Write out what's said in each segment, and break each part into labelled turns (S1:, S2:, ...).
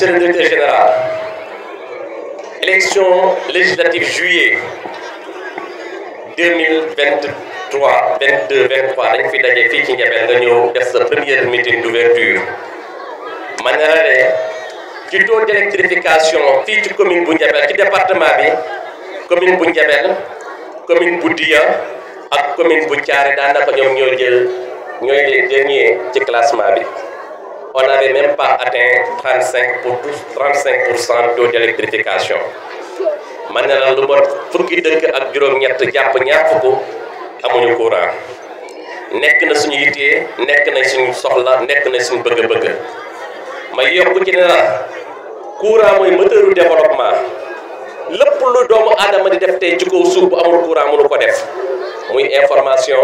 S1: Monsieur le directeur général, élection législative juillet 2023 22 23 Les fi daje fii ci Ndiabène nga première meeting d'ouverture ma ne la ci taux d'électrification de ci commune bu Ndiabène ci département bi commune bu Ndiabène commune bu Diya ak commune bu Thiaré daanaka ñoom les on n'avait même pas atteint 35 pour 35 taux d'électrification man ne mot fukki dëkk ak juróom-ñett jàpp ñaar fukk amuñu courant nekk na suñu yittee nekk na suñu soxla nekk na suñu bëgg-bëgg ma yokku ci ne courant mooy moteur du développement lépp lu doomu di def ci amul courant mënu ko def muy information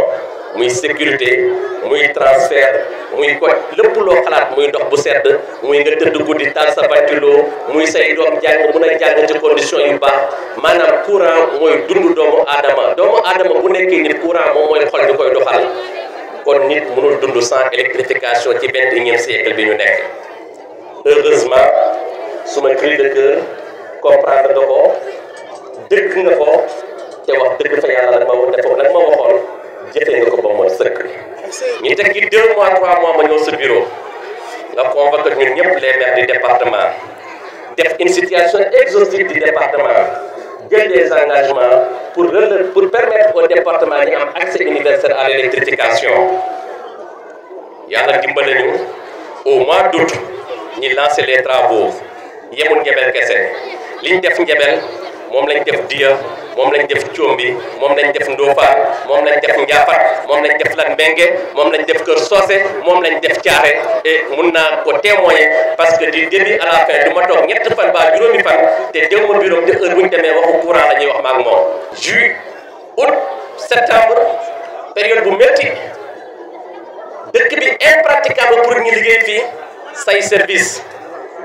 S1: muy sécurité muy transfert muy ko lépp loo xalaat muy dox bu sedd muy nga tëdd guddi taal sa ventilo muy say doom jàng mun a jàng ci condition yu baax maanaam courant mooy dund doomu aadama doomu aadama bu nekkee nit courant moom mooy xol ñu koy doxal kon nit mënul dund sans électrification ci vingt et unième siècle bi ñu nekk heureusement suma cri de cœur comprendre nga ko dëkk nga ko te wax dëgg fa yàlla nag ma dafa nag ma waxoon jëfe nga ko ba mooy sëkk ñu teg ci mois trois mois ñëw sa bureau nga convoqué ñun ñëpp les maires du département def in situation exhaustive du département jël des engagements pour relever pour permettre au département ñu am accès universel à l'électrification yàlla dimbale ñu au mois d'août ñi lancer les travaux yemul njëbel kese liñ def njëbel. moom lañ def Dia moom lañu def Combi moom lañ def Ndofane moom lañ def Ndiafat moom lañ def Lat Mbengue moom lañu def Kër Socé moom lañ def Thiaré et mun naa ko témoigner parce que du début à la fin du ma toog ñett fan ba juróomi fan te déw ma bureau te heure ñu demee waxu courant la ñuy wax ma ak moom. juillet août septembre période bu métti dëkk bi impraticable pour ñu liggéey fii say service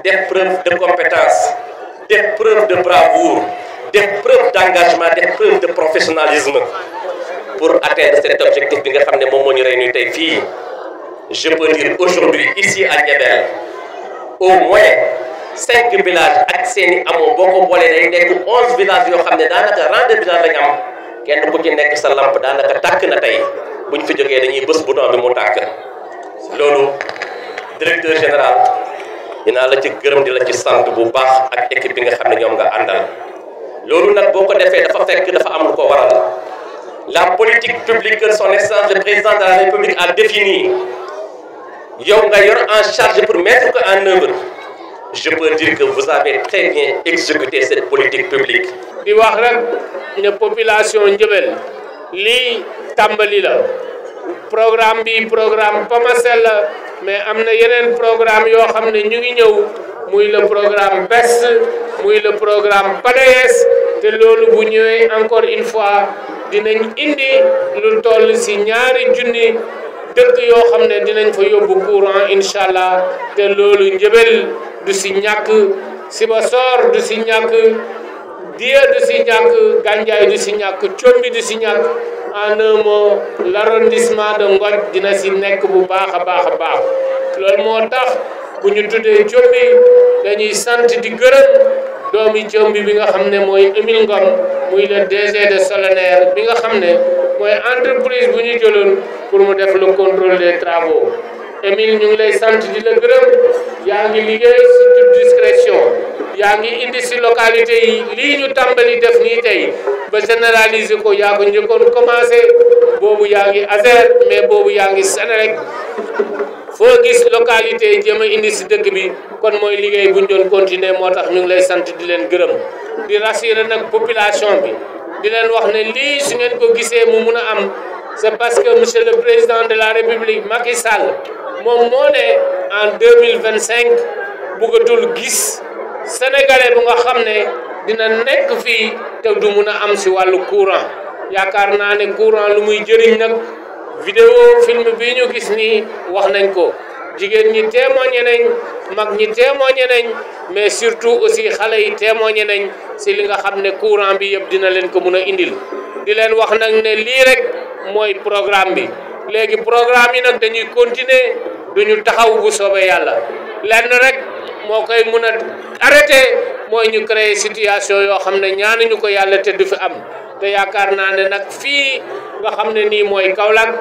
S1: def preuve de compétence def preuve de bravoure. def preuve d'engagement def preuve de professionnalisme pour atteindre cet objectif bi nga xam ne moom moo ñu réunir tey fii je peux dire aujourd'hui ici à Diabel au moins cinq villages ak seen i amoo boo ko boolee day nekk onze villages yoo xam ne daanaka rang de village lañ am kenn ku ci nekk sa lampe daanaka tàkk na tey bu fi jógee dañuy bës bouton bi mu tàkk loolu directeur général dinaa la ci gërëm di la ci sant bu baax ak équipe bi nga xam ne nga àndal loolu nag boo de dafa fekk dafa am la politique publique son essence, le président de la république a défini. yow nga yor en charge pour mettre en œuvre je peux dire que vous avez très bien exécuté cette politique publique
S2: Il wax rek une population de li tambali la programme bi programme PAMACEL la mais amna na yeneen programme yo xam ñu ngi ñëw muy le programme BES muy le programme PADES te loolu bu ñëwee encore une fois dinañ indi lu toll si ñaari junni dëkk yoo xam ne dinañ fa courant allah te loolu njëbel du si ñàkk Sibassor du si ñàkk Diya du si ñàkk Gandiaye du di ñàkk Combi du si ñàkk en un mot l'arrondissement de Ngothie dina si nekk bu baax baax tax bu ñu dañuy di doomi jombi bi nga xam ne mooy Émile Ngom muy le DG de Solaner bi nga xam ne mooy entreprise bu ñu jëloon pour mu def le contrôle des travaux Émile ñu ngi lay sant di la gërëm yaa ngi liggéey si toute yaa ngi indi si localité yi lii ñu tàmbali def nii tey ba généraliser ko yaa ko njëkkoon commencé boobu yaa ngi ASER mais boobu yaa ngi Senelec foo gis localité yi jéem a indi si dëkk bi kon mooy liggéey bu ñu doon continuer moo tax ñu ngi lay sant di leen gërëm di rassurer nag population bi di leen wax ne lii su ngeen ko gisee mu mun a am c'est parce que monsieur le président de la république Macky Sall moom moo ne en 2025 bëggatul gis sénégalais bu nga xam ne dina nekk fii te du mun a am si wàllu courant yaakaar naa ne courant lu muy jëriñ nag vidéo film bi ñu ñi wax nañ ko jigéen ñi témoigné nañ mag ñi témoigné mais surtout aussi xale yi témoigné nañ si li nga xam ne courant bi yëpp dina leen ko mun a indil di leen wax nag ne lii rek mooy programme bi léegi programme yi nag dañuy continuer duñu taxaw bu soobee yàlla lenn rek moo koy mun a arrêté mooy ñu créer situation yoo xam ne ñaanuñu ko yàlla te du fi am te yaakaar naa ne nag fii nga xam ne nii mooy Kaolack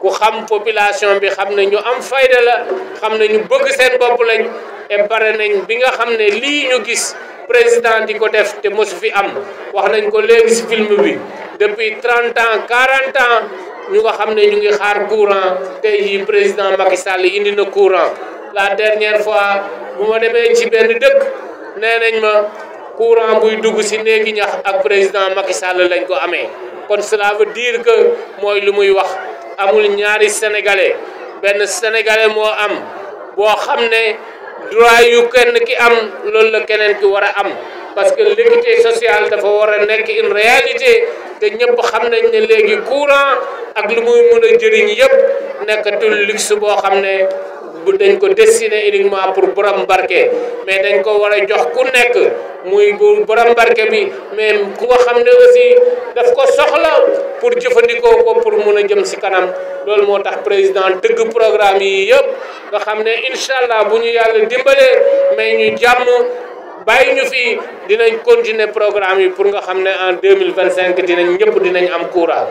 S2: ku xam population bi xam ne ñu am fayda la xam ne ñu bëgg seen bopp lañ et nañ bi nga xam ne lii ñu gis président di ko def te mosu fi am wax nañ ko léegi si film bi depuis 30 ans 40 ans ñu nga xam ne ñu ngi xaar courant tey jii président Macky Sall indi na courant la dernière fois bu ma demee ci benn dëkk nee nañ ma courant buy dugg si néegi ñax ak président Macky Sall lañ ko amee kon cela dire que mooy lu muy wax amul ñaari sénégalais benn sénégalais moo am boo xam ne droit yu kenn ki am loolu la keneen ki war a am parce que l'équité sociale dafa war a nekk une réalité te ñëpp xam nañ ne léegi courant ak lu muy mën a jëriñ yëpp nekkatul luxe boo xam ne bu dañ ko destiné uniquement pour borom barke mais dañ ko war a jox ku nekk muy bu borom barke bi mais ku ko xam ne aussi daf ko soxla pour jëfandikoo ko pour mun a jëm si kanam loolu moo tax président dëgg programme yi yëpp nga xam ne incha allah bu ñu yàlla dimbalee mais ñu jàmm bàyyi ñu fii dinañ continuer programme yi pour nga xam ne en 2025 dinañ ñëpp dinañ am courant